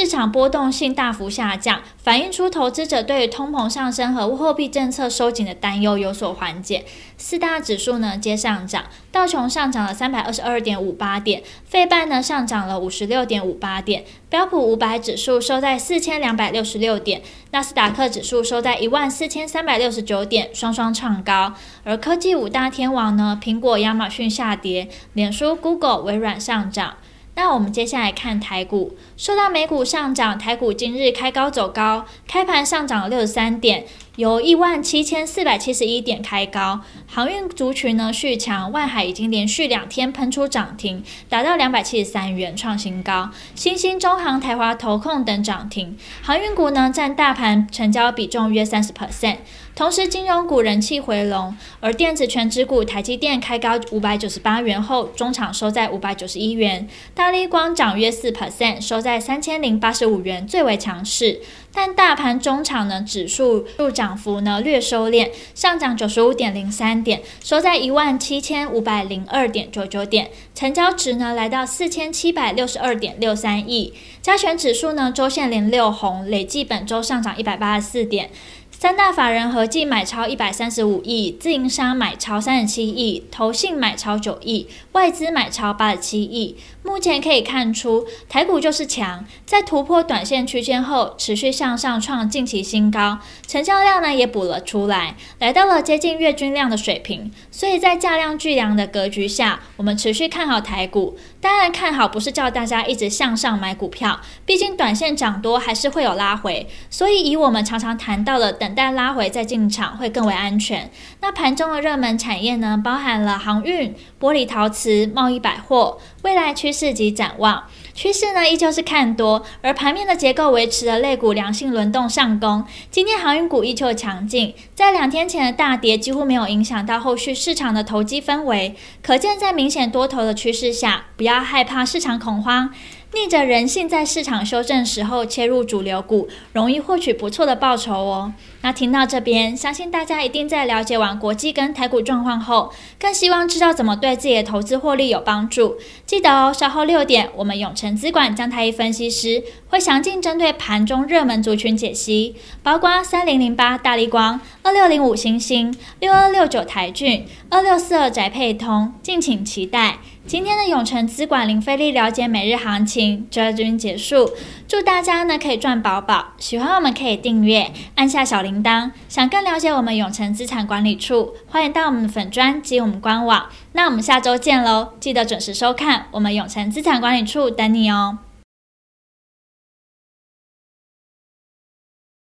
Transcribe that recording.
市場波動性大幅下降，反映出投資者對於通膨上升和物貨幣政策收緊的擔憂有所緩解。四大指數呢皆上漲，道瓊上漲了三百二十二點五八點，費半呢上漲了五十六點五八點，標普五百指數收在四千兩百六十六點，納斯達克指數收在一萬四千三百六十九點，雙雙創高。而科技五大天王呢，蘋果、亞馬遜下跌，臉書、Google、微軟上漲。那我們接下來看台股。說到美股上漲，台股今日開高走高，開盤上漲了六十三點。由一萬七千四百七十一點開高，航運族群呢續強，萬海已經連續兩天噴出漲停，達到兩百七十三元創新高，新興中航、台華投控等漲停。航運股呢占大盤成交比重約三十%，同時金融股人氣回籠，而電子權值股台積電開高五百九十八元後，中場收在五百九十一元，大立光漲約四%，收在三千零八十五元，最為強勢。但大盤中場呢，指數指數漲幅呢略收斂，上漲九十五點零三點，收在一萬七千五百零二點九九點，成交值呢來到四千七百六十二點六三億。加權指數呢周線連六紅，累計本周上漲一百八十四點。三大法人合計買超一百三十五億，自營商買超三十七億，投信買超九億，外資買超八十七億。目前可以看出，台股就是強，在突破短線區間後，持續向上創近期新高，成交量呢也補了出來，來到了接近月均量的水平。所以在價量俱揚的格局下，我們持續看好台股。當然，看好不是叫大家一直向上買股票，畢竟短線漲多還是會有拉回。所以，以我們常常談到的等待拉回再進場，會更為安全。那盤中的熱門產業呢，包含了航運、玻璃、陶瓷、貿易百、百貨。未來趨勢及展望，趨勢呢依舊是看多，而盤面的結構維持了類股良性輪動上攻。今天航運股依舊強勁，在兩天前的大跌幾乎沒有影響到後續市場的投機氛圍，可見在明顯多頭的趨勢下，不要害怕市場恐慌。逆着人性，在市場修正時候切入主流股，容易獲取不錯的報酬哦。那聽到這邊，相信大家一定在了解完國際跟台股狀況後，更希望知道怎麼對自己的投資獲利有幫助。記得哦，稍後六點，我們永成資管張台一分析師會詳盡針對盤中熱門族群解析，包括三零零八大立光、二六零五星星、六二六九台駿、二六四二宅配通，敬請期待。今天的永城資管零費力了解每日行情，就到這邊結束。祝大家呢可以賺飽飽，喜歡我們可以訂閱，按下小鈴鐺。想更了解我們永城資產管理處，歡迎到我們的粉專及我們官網。那我們下周見嘍，記得準時收看，我們永城資產管理處等你哦。